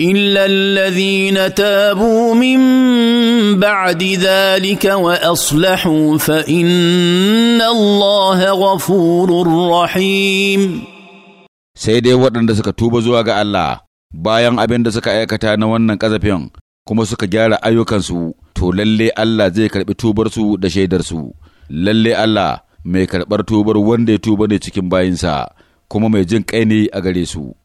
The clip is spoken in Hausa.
الا الذين تابوا من بعد ذلك واصلحوا فان الله غفور رحيم sai dai waɗanda suka tuba zuwa ga Allah bayan abin da suka aikata na wannan ƙazafin kuma suka gyara ayyukansu to lalle Allah zai karɓi tubarsu da shaidarsu lalle Allah mai karɓar tubar wanda ya tuba ne cikin bayinsa kuma mai jin ƙaini ne a gare su